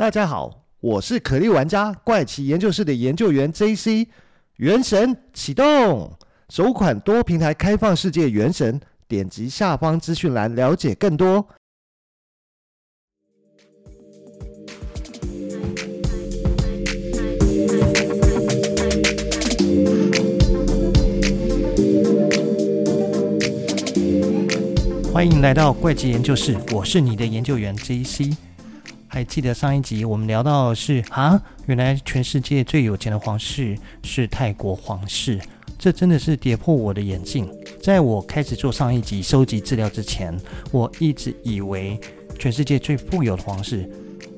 大家好，我是可莉玩家，怪奇研究室的研究員 JC。原神啟動，首款多平台開放世界原神，點擊下方資訊欄了解更多。歡迎來到怪奇研究室，我是你的研究員 JC。還記得上一集我們聊到的是啊，原來全世界最有錢的皇室是泰國皇室，這真的是跌破我的眼鏡。在我開始做上一集收集資料之前，我一直以為全世界最富有的皇室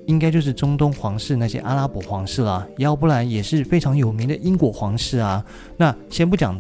應該就是中東皇室，那些阿拉伯皇室了，要不然也是非常有名的英國皇室啊。那先不講。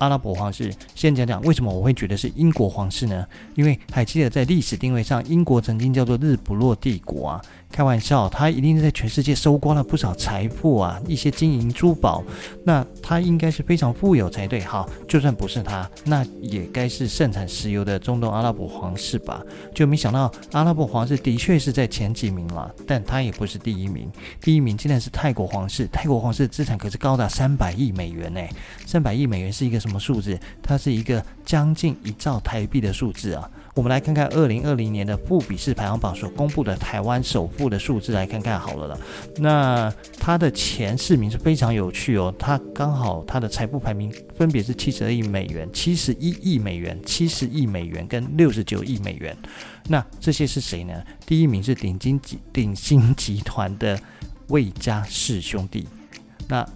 阿拉伯皇室，先講講為什麼我會覺得是英國皇室呢？因為還記得在歷史定位上，英國曾經叫做日不落帝國啊。開玩笑，他一定是在全世界搜刮了不少財富啊，一些金銀珠寶，那他應該是非常富有才對。好，就算不是他，那也該是盛產石油的中東阿拉伯皇室吧？就沒想到阿拉伯皇室的確是在前幾名了，但他也不是第一名，第一名竟然是泰國皇室。泰國皇室資產可是高達三百億美元呢，欸！三百億美元是一個什麼數字？它是一個將近一兆台幣的數字啊！我們來看看二零二零年的富比士排行榜所公布的台灣首富的數字，來看看好了了。那他的前四名是非常有趣哦，他剛好他的財富排名分別是七十二億美元、七十一億美元、七十億美元跟六十九億美元。那這些是誰呢？第一名是頂新集頂新集團的魏家四兄弟。那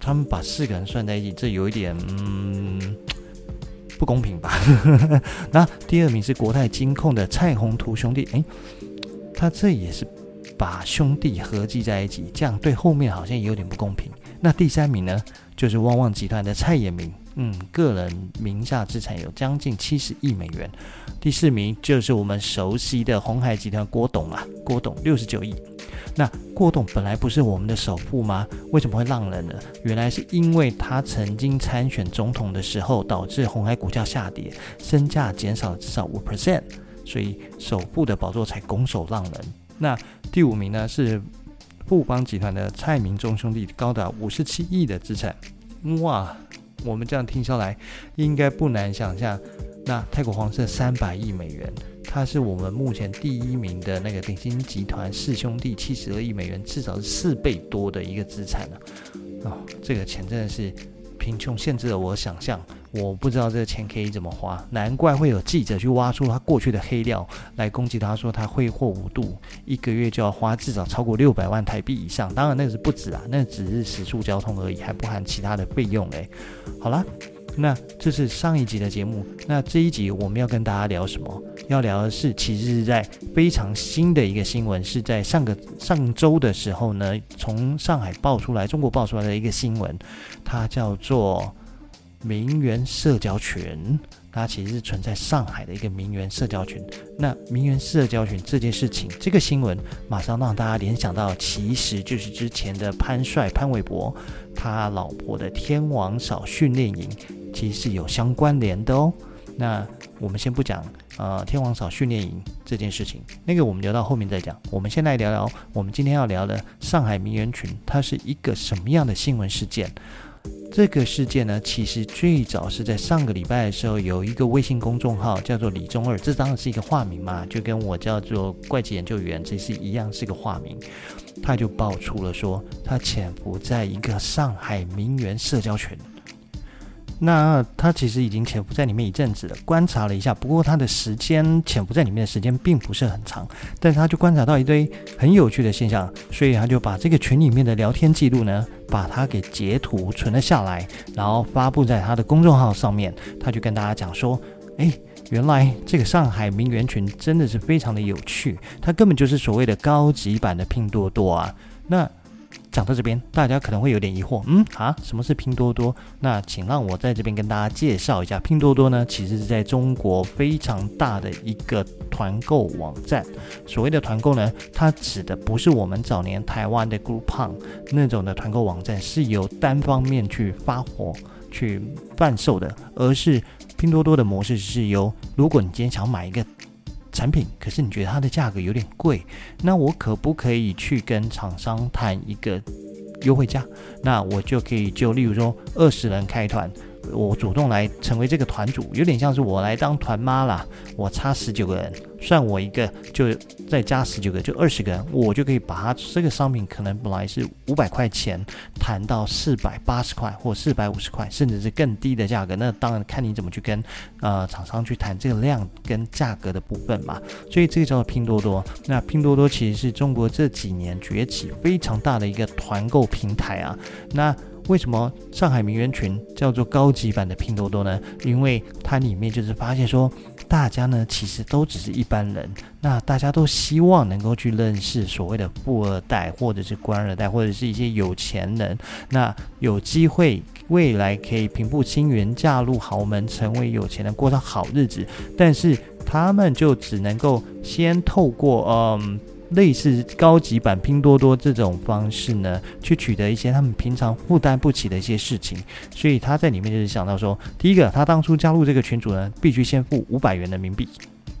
他們把四個人算在一起，這有一點嗯。不公平吧？那 第二名是國泰金控的蔡宏圖兄弟，誒，他這也是把兄弟合計在一起，這樣對後面好像也有點不公平。那第三名呢，就是旺旺集團的蔡衍明，嗯，個人名下資產有將近七十億美元。第四名就是我們熟悉的鴻海集團郭董啊，郭董六十九億。那郭董本來不是我們的首富嗎？為什麼會讓人呢？原來是因為他曾經參選總統的時候，導致鴻海股價下跌，身價減少了至少五 percent，所以首富的寶座才拱手讓人。那第五名呢？是富邦集團的蔡明忠兄弟，高達五十七億的資產。哇，我們這樣聽下來，應該不難想象。那泰國皇室三百億美元。他是我們目前第一名的那個鼎鑫集團四兄弟七十二億美元，至少是四倍多的一個資產呢、啊。哦，這個錢真的是貧窮限制了我的想象，我不知道這個錢可以怎麼花。難怪會有記者去挖出他過去的黑料來攻擊他，說他揮霍無度，一個月就要花至少超過六百萬台幣以上。當然那個是不止啊，那個、只是食宿交通而已，還不含其他的費用嘞。好了。那這是上一集的節目。那這一集我們要跟大家聊什麼？要聊的是，其實是在非常新的一個新聞，是在上個上周的時候呢，從上海爆出來，中國爆出來的一個新聞，它叫做“名媛社交群”。它其實是存在上海的一個名媛社交群。那名媛社交群這件事情，這個新聞馬上讓大家聯想到，其實就是之前的潘帥潘瑋柏他老婆的天王嫂訓練營。其實是有相關聯的哦。那我們先不講呃天王嫂訓練營這件事情，那個我們留到後面再講。我們先來聊聊我們今天要聊的上海名媛群，它是一個什麼樣的新聞事件？這個事件呢，其實最早是在上個禮拜的時候，有一個微信公眾號叫做李中二，這當然是一個化名嘛，就跟我叫做怪奇研究員其實一樣，是個化名。他就爆出了說，他潛伏在一個上海名媛社交群。那他其實已經潛伏在裡面一陣子了，觀察了一下。不過他的時間潛伏在裡面的時間並不是很長，但是他就觀察到一堆很有趣的現象，所以他就把這個群裡面的聊天記錄呢，把它給截圖存了下來，然後發布在他的公眾號上面。他就跟大家講說：“誒，原來這個上海名媛群真的是非常的有趣，它根本就是所謂的高級版的拼多多啊。”那講到這邊，大家可能會有點疑惑，嗯啊，什麼是拼多多？那請讓我在這邊跟大家介紹一下，拼多多呢，其實是在中國非常大的一個團購網站。所謂的團購呢，它指的不是我們早年台灣的 Groupon 那種的團購網站，是由單方面去發貨、去販售的，而是拼多多的模式是由，如果你今天想買一個產品，可是你覺得它的價格有點貴，那我可不可以去跟廠商談一個優惠價？那我就可以，就例如說二十人開團。我主動來成為這個團主，有點像是我來當團媽了。我差十九個人，算我一個，就再加十九個，就二十個人，我就可以把它這個商品可能本來是五百塊錢，談到四百八十塊，或四百五十塊，甚至是更低的價格。那當然看你怎麼去跟，呃，廠商去談這個量跟價格的部分嘛。所以這個叫拼多多，那拼多多其實是中國這幾年崛起非常大的一個團購平台啊。那為什麼上海名媛群叫做高級版的拼多多呢？因為它裡面就是發現說，大家呢其實都只是一般人，那大家都希望能夠去認識所謂的富二代，或者是官二代，或者是一些有錢人，那有機會未來可以平步青雲，嫁入豪門，成為有錢人，過上好日子。但是他們就只能夠先透過嗯。類似高級版拼多多這種方式呢，去取得一些他們平常負擔不起的一些事情，所以他在裡面就是想到說，第一個，他當初加入這個群組呢，必須先付五百元人民幣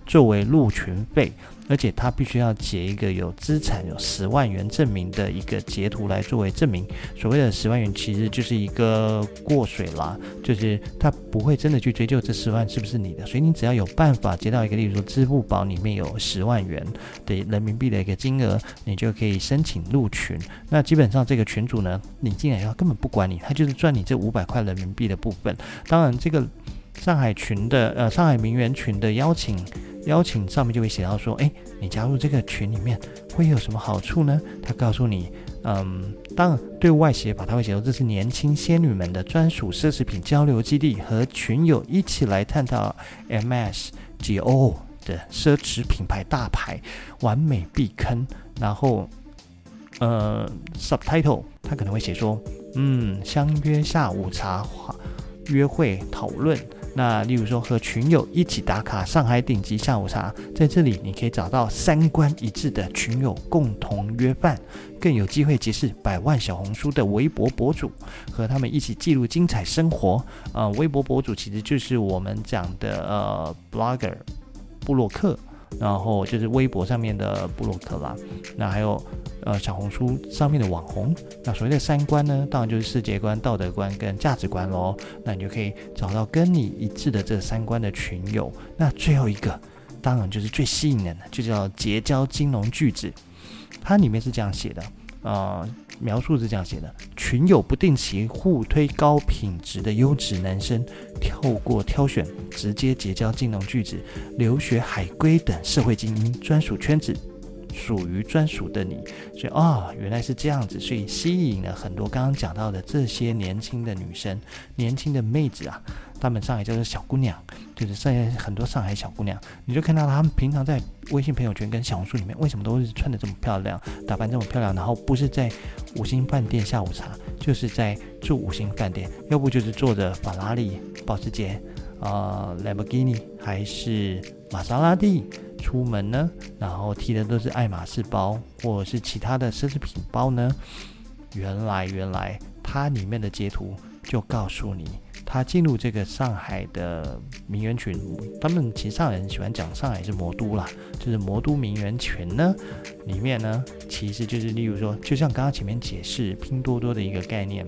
作為入群費。而且他必須要截一個有資產有十萬元證明的一個截圖來作為證明。所謂的十萬元其實就是一個過水啦，就是他不會真的去追究這十萬是不是你的。所以你只要有辦法截到一個，例如說支付寶裡面有十萬元的人民幣的一個金額，你就可以申請入群。那基本上這個群主呢，你進來以後根本不管你，他就是賺你這五百塊人民幣的部分。當然這個。上海群的，呃，上海名媛群的邀請邀請上面就會寫到說，哎，你加入這個群裡面會有什麼好處呢？他告訴你，嗯，當然對外寫法，他會寫說，這是年輕仙女們的專屬奢侈品交流基地，和群友一起來探討 MSGO 的奢侈品牌大牌，完美避坑。然後，呃，subtitle 他可能會寫說，嗯，相約下午茶話約會討論。那例如說和群友一起打卡上海頂級下午茶，在這裡你可以找到三觀一致的群友共同約飯，更有機會結識百萬小紅書的微博博主，和他們一起記錄精彩生活。呃，微博博主其實就是我們講的呃，blogger，部落客。然後就是微博上面的部落客啦，那還有，呃，小紅書上面的網紅。那所謂的三觀呢，當然就是世界觀、道德觀跟價值觀咯。那你就可以找到跟你一致的這三觀的群友。那最後一個，當然就是最吸引人的，就叫結交金融巨子。它裡面是這樣寫的，呃。描述是這樣寫的：群友不定期互推高品質的優質男生，跳過挑選，直接結交金融巨子、留學海歸等社會精英專屬圈子。屬於專屬的你，所以啊、哦，原來是這樣子，所以吸引了很多剛剛講到的這些年輕的女生、年輕的妹子啊，她們上海叫做小姑娘，就是上海很多上海小姑娘，你就看到她們平常在微信朋友圈跟小紅書裡面，為什麼都是穿得這麼漂亮，打扮這麼漂亮，然後不是在五星飯店下午茶，就是在住五星飯店，要不就是坐着法拉利、保時捷。啊，蘭博基尼還是瑪莎拉蒂，出門呢，然後提的都是愛馬仕包或者是其他的奢侈品包呢。原來，原來，它裡面的截圖就告訴你，他進入這個上海的名媛群。他們其實上海人喜歡講上海是魔都啦，就是魔都名媛群呢，裡面呢，其實就是例如說，就像剛剛前面解釋拼多多的一個概念，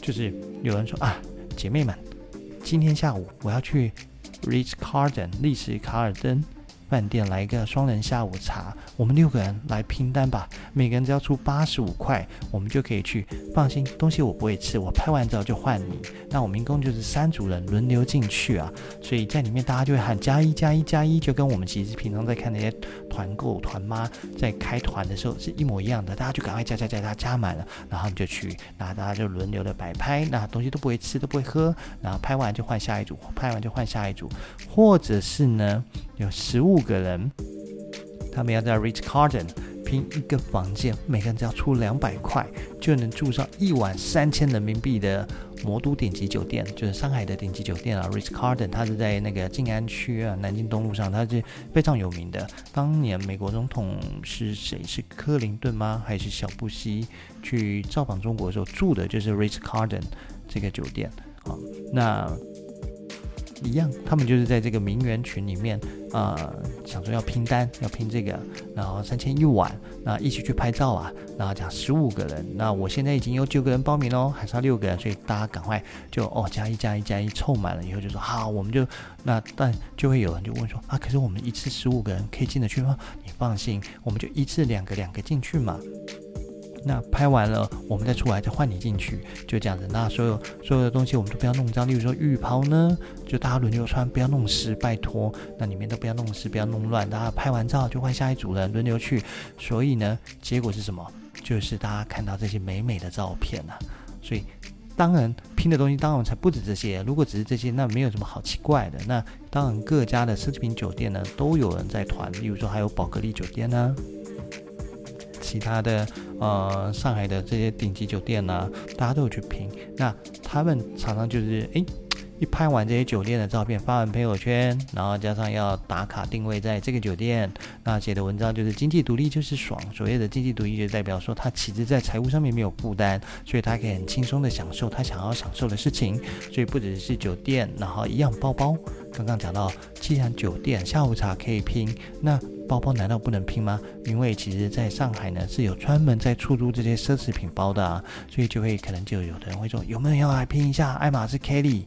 就是有人說啊，姐妹們。今天下午我要去 Ritz Carlton 麗思卡爾頓。飯店來一個雙人下午茶，我們六個人來拼單吧，每個人只要出八十五塊，我們就可以去。放心，東西我不會吃，我拍完之後就換你。那我們一共就是三組人輪流進去啊，所以在裡面大家就會喊加一加一加一，就跟我們其實平常在看那些團購團媽在開團的時候是一模一樣的，大家就趕快加加加，加，加，他加滿了，然後你就去，那大家就輪流的擺拍，那東西都不會吃，都不會喝，然後拍完就換下一組，拍完就換下一組，或者是呢有食物。五個人，他們要在 Ritz Carlton 拼一個房間，每個人只要出兩百塊，就能住上一萬三千人民幣的魔都頂級酒店，就是上海的頂級酒店啊。Ritz Carlton 他是在那個靜安區啊，南京東路上，他是非常有名的。當年美國總統是誰？是克林頓嗎？還是小布希去造訪中國的時候住的就是 Ritz Carlton 這個酒店啊、哦？那。一樣，他們就是在這個名媛群裡面，啊、呃，想說要拼單，要拼這個，然後三千一晚，那一起去拍照啊，然後講十五個人，那我現在已經有九個人報名了，還差六個人。所以大家趕快就哦加一加一加一湊滿了以後就說好，我們就那，但就會有人就問說啊，可是我們一次十五個人可以進得去嗎？你放心，我們就一次兩個兩個進去嘛。那拍完了，我們再出來，再換你進去，就這樣子。那所有所有的東西我們都不要弄髒，例如說浴袍呢，就大家輪流穿，不要弄濕，拜托。那裡面都不要弄濕，不要弄亂。大家拍完照就換下一組人輪流去。所以呢，結果是什麼？就是大家看到這些美美的照片啊。所以，當然拼的東西當然我們才不止這些。如果只是這些，那沒有什麼好奇怪的。那當然各家的奢侈品酒店呢都有人在團，例如說還有寶格麗酒店呢、啊。其他的，呃，上海的這些頂級酒店呢、啊，大家都有去拼。那他們常常就是，誒，一拍完這些酒店的照片，發完朋友圈，然後加上要打卡定位在這個酒店，那寫的文章就是經濟獨立就是爽。所謂的經濟獨立就代表說他其實在財務上面沒有負擔，所以他可以很輕鬆的享受他想要享受的事情。所以不只是酒店，然後一樣包包，剛剛講到，既然酒店下午茶可以拼，那。包包難道不能拼嗎？因為其實，在上海呢是有專門在出租這些奢侈品包的啊，所以就會可能就有的人會說，有沒有人要來拼一下愛馬仕 Kelly？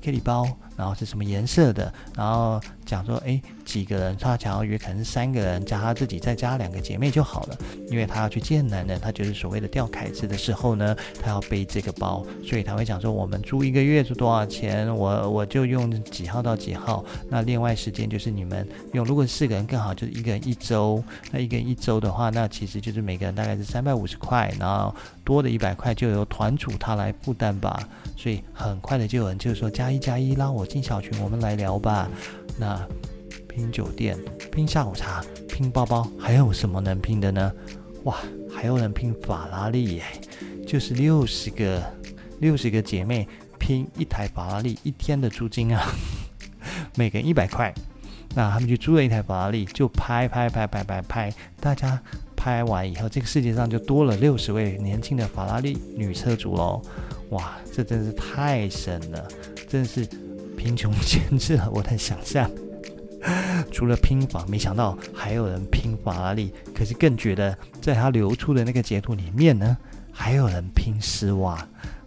Kitty 包，然後是什麼顏色的？然後講說，哎，幾個人？他想要約，可能是三個人加他自己，再加兩個姐妹就好了，因為他要去見男人，他就是所謂的釣凱子的時候呢，他要背這個包，所以他會講說，我們租一個月是多少錢？我我就用幾號到幾號，那另外時間就是你們用。如果是四個人更好，就是一個人一週。那一個人一週的話，那其實就是每個人大概是三百五十塊，然後。多的一百塊就由團主他來負擔吧，所以很快的就有人就說加一加一，拉我進小群，我們來聊吧。那拼酒店、拼下午茶、拼包包，還有什麼能拼的呢？哇，還有人拼法拉利，耶，就是六十個六十個姐妹拼一台法拉利一天的租金啊，每個人一百塊。那他們就租了一台法拉利，就拍拍拍拍拍拍，大家。拍完以後，這個世界上就多了六十位年輕的法拉利女車主咯。哇，這真是太神了，真是貧窮限制了我的想象。除了拼房，沒想到還有人拼法拉利。可是更絕的在他流出的那個截圖裡面呢，還有人拼絲襪。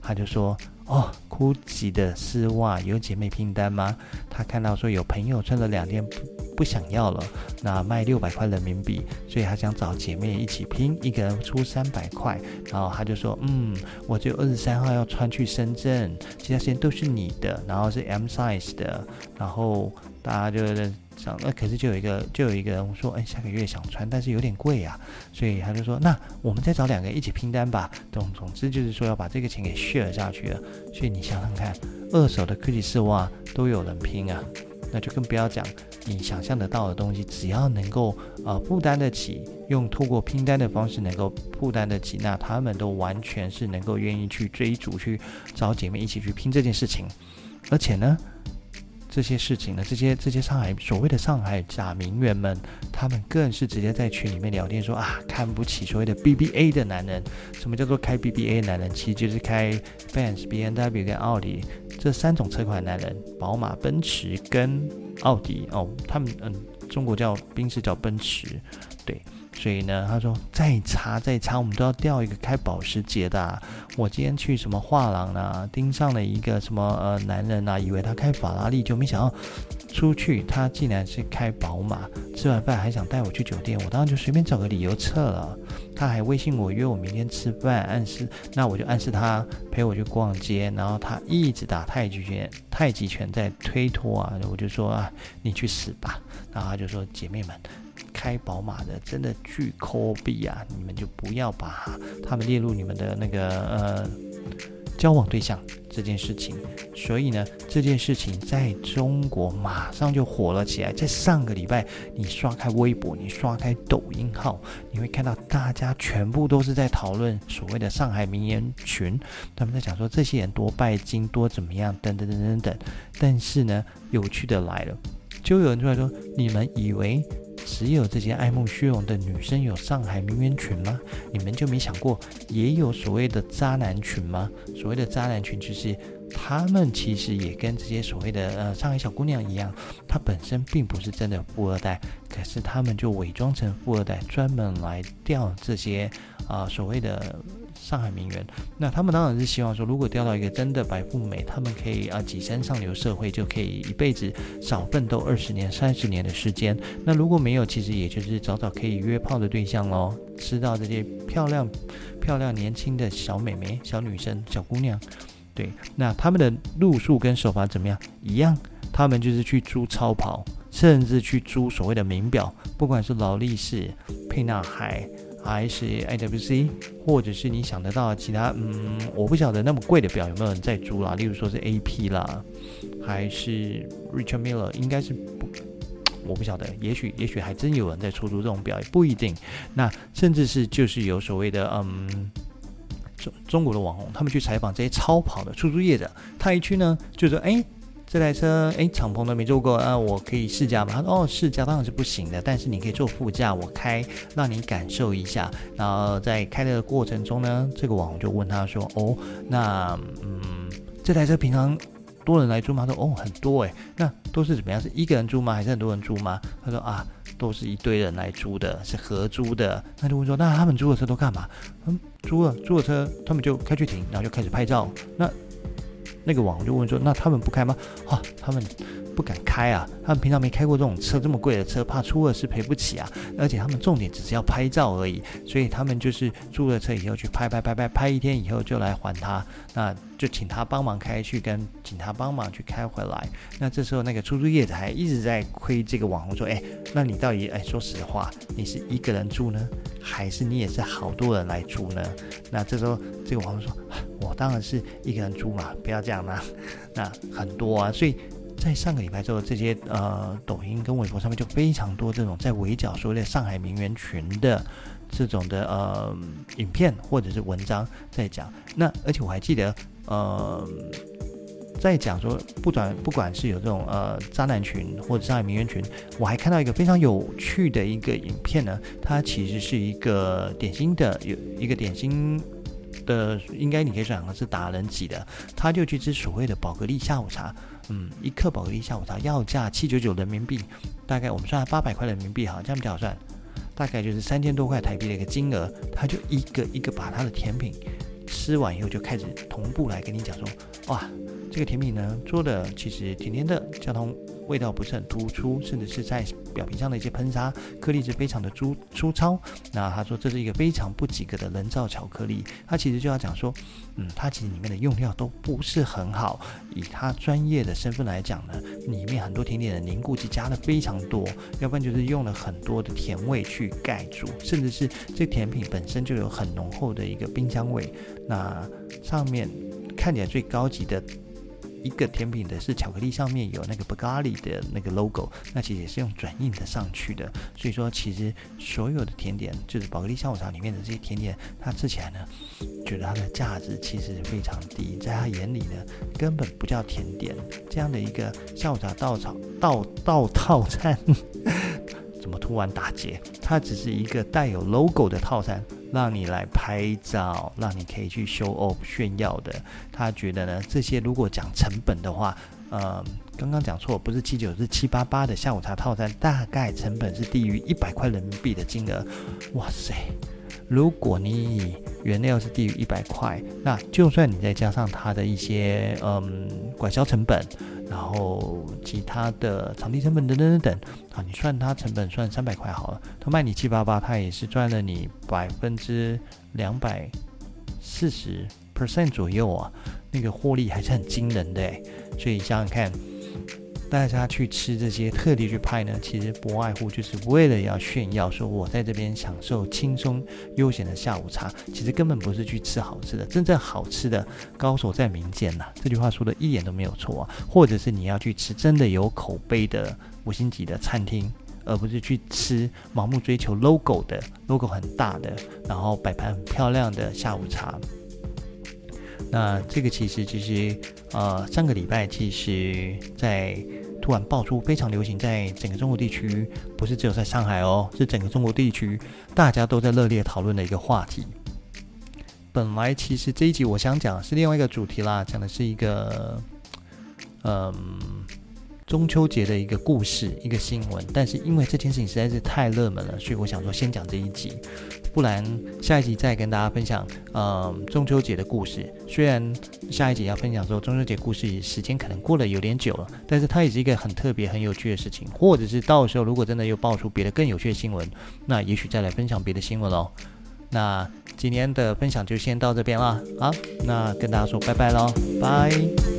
他就說：“哦，Gucci 的絲襪，有姐妹拼單嗎？”他看到說有朋友穿了兩天不想要了，那賣六百塊人民幣，所以他想找姐妹一起拼，一個人出三百塊，然後他就說，嗯，我只有二十三號要穿去深圳，其他時間都是你的，然後是 M size 的，然後大家就在想，那、呃、可是就有一個，就有一個人說，哎、呃，下個月想穿，但是有點貴啊，所以他就說，那我們再找兩個一起拼單吧，總總之就是說要把這個錢給 share 下去了。所以你想想看，二手的科技絲襪都有人拼啊。那就更不要講你想象得到的東西，只要能夠呃負擔得起，用透過拼單的方式能夠負擔得起，那他們都完全是能夠願意去追逐，去找姐妹一起去拼這件事情，而且呢。這些事情呢，這些這些上海所謂的上海假名媛們，他們更是直接在群裡面聊天說啊，看不起所謂的 BBA 的男人。什麼叫做開 BBA 的男人？其實就是開 Benz、BMW 跟奧迪這三種車款的男人，寶馬、奔馳跟奧迪哦。他們嗯，中國叫賓士，叫奔馳，對。所以呢，他說再差再差，我們都要釣一個開保時捷的啊。我今天去什麼畫廊呢啊，盯上了一個什麼呃男人啊，以為他開法拉利，就沒想到出去他竟然是開寶馬。吃完飯還想帶我去酒店，我當時就隨便找個理由撤了。他還微信我約我明天吃飯，暗示，那我就暗示他陪我去逛街。然後他一直打太極拳，太極拳在推脫啊，我就說啊，你去死吧。然後他就說姐妹們。開寶馬的真的巨摳逼啊！你們就不要把他們列入你們的那個呃交往對象這件事情。所以呢，這件事情在中國馬上就火了起來。在上個禮拜，你刷開微博，你刷開抖音號，你會看到大家全部都是在討論所謂的上海名媛群。他們在講說這些人多拜金多怎麼樣，等等等等等。但是呢，有趣的來了，就有人出來說：“你們以為？”只有這些愛慕虛榮的女生有上海名媛群嗎？你們就沒想過，也有所謂的渣男群嗎？所謂的渣男群就是，他們其實也跟這些所謂的呃上海小姑娘一樣，他本身並不是真的富二代，可是他們就偽裝成富二代，專門來釣這些啊、呃、所謂的。上海名媛，那他們當然是希望說，如果釣到一個真的白富美，他們可以啊躋身上流社會，就可以一輩子少奮鬥二十年、三十年的時間。那如果沒有，其實也就是早早可以約炮的對象嘍，吃到這些漂亮、漂亮、年輕的小妹妹、小女生、小姑娘。對，那他們的路數跟手法怎麼樣？一樣，他們就是去租超跑，甚至去租所謂的名表，不管是勞力士、沛納海。還是 IWC，或者是你想得到的其他，嗯，我不曉得那麼貴的表有沒有人在租啦，例如說是 AP 啦，還是 Richard Miller，應該是不，我不曉得，也許也許還真有人在出租這種表，也不一定。那甚至是就是有所謂的，嗯，中中國的網紅，他們去採訪這些超跑的出租業者，他一去呢，就說，哎。這台車，誒，敞篷都沒坐過啊，我可以試駕嗎？他說：哦，試駕當然是不行的，但是你可以坐副駕，我開讓你感受一下。然後在開的過程中呢，這個網紅就問他說：哦，那嗯，這台車平常多人來租嗎？他說：哦，很多誒。那都是怎麼樣？是一個人租嗎？還是很多人租嗎？他說：啊，都是一堆人來租的，是合租的。他就問說：那他們租的車都幹嘛？嗯，租了租的車，他們就開去停，然後就開始拍照。那那個網紅就問說：“那他們不開嗎？啊，他們不敢開啊，他們平常沒開過這種車，這麼貴的車，怕出了事賠不起啊。而且他們重點只是要拍照而已，所以他們就是租了車以後去拍拍拍拍拍，一天以後就來還他，那就請他幫忙開去，跟請他幫忙去開回來。那這時候那個出租業者還一直在虧。這個網紅說：‘哎、欸，那你到底哎、欸、說實話，你是一個人住呢，還是你也是好多人來住呢？’那這時候這個網紅說。”當然是一個人住嘛，不要這樣啦啊。那很多啊，所以在上個禮拜之後，這些呃，抖音跟微博上面就非常多這種在圍剿所謂的上海名媛群的這種的呃影片、或者是文章在講。那而且我還記得，呃，在講說，不管不管是有這種呃渣男群或者上海名媛群，我還看到一個非常有趣的一個影片呢。它其實是一個典型的有一個典型，的應該你可以講的是達人級的，他就去吃所謂的寶格麗下午茶，嗯，一克寶格麗下午茶要價七九九人民幣，大概我們算它八百塊人民幣哈，這樣比較好算，大概就是三千多塊台幣的一個金額，他就一個一個把他的甜品吃完以後，就開始同步來跟你講說，哇，這個甜品呢做的其實甜甜的，交通，味道不是很突出，甚至是在表皮上的一些噴砂顆粒是非常的粗粗糙。那他說這是一個非常不及格的人造巧克力。他其實就要講說，嗯，它其實裡面的用料都不是很好。以他專業的身份來講呢，裡面很多甜點的凝固劑加了非常多，要不然就是用了很多的甜味去蓋住，甚至是這甜品本身就有很濃厚的一個冰箱味。那上面看起來最高級的。一個甜品的是巧克力，上面有那個寶格麗的那個 logo，那其實也是用轉印的上去的。所以說，其實所有的甜點，就是寶格麗下午茶裡面的這些甜點，它吃起來呢，覺得它的價值其實非常低，在他眼裡呢，根本不叫甜點。這樣的一個下午茶到草到到套餐呵呵，怎麼突然打結？它只是一個帶有 logo 的套餐。讓你來拍照，讓你可以去 show off 炫耀的。他覺得呢，這些如果講成本的話，嗯，剛剛講錯，不是七九，是七八八的下午茶套餐，大概成本是低於一百塊人民幣的金額。哇塞，如果你原料是低於一百塊，那就算你再加上它的一些嗯，管銷成本。然後其他的場地成本等等等等，啊，你算它成本算三百塊好了，他賣你七八八，他也是賺了你百分之兩百四十 percent 左右啊，那個獲利還是很驚人的哎，所以想想看。大家去吃這些特地去拍呢，其實不外乎就是為了要炫耀，說我在這邊享受輕鬆悠閒的下午茶。其實根本不是去吃好吃的，真正好吃的高手在民間吶，這句話說的一點都沒有錯啊。或者是你要去吃真的有口碑的五星級的餐廳，而不是去吃盲目追求 logo 的 logo 很大的，然後擺盤很漂亮的下午茶。那這個其實其實呃，上個禮拜其實在。突然爆出，非常流行，在整個中國地區，不是只有在上海哦，是整個中國地區，大家都在熱烈討論的一個話題。本來其實這一集我想講是另外一個主題啦，講的是一個，嗯。中秋節的一個故事，一個新聞，但是因為這件事情實在是太熱門了，所以我想說先講這一集，不然下一集再跟大家分享。嗯、呃，中秋節的故事，雖然下一集要分享說中秋節故事，時間可能過得有點久了，但是它也是一個很特別、很有趣的事情。或者是到時候如果真的又爆出別的更有趣的新聞，那也許再來分享別的新聞嘍。那今天的分享就先到這邊啦。啊，那跟大家說拜拜嘍，拜拜。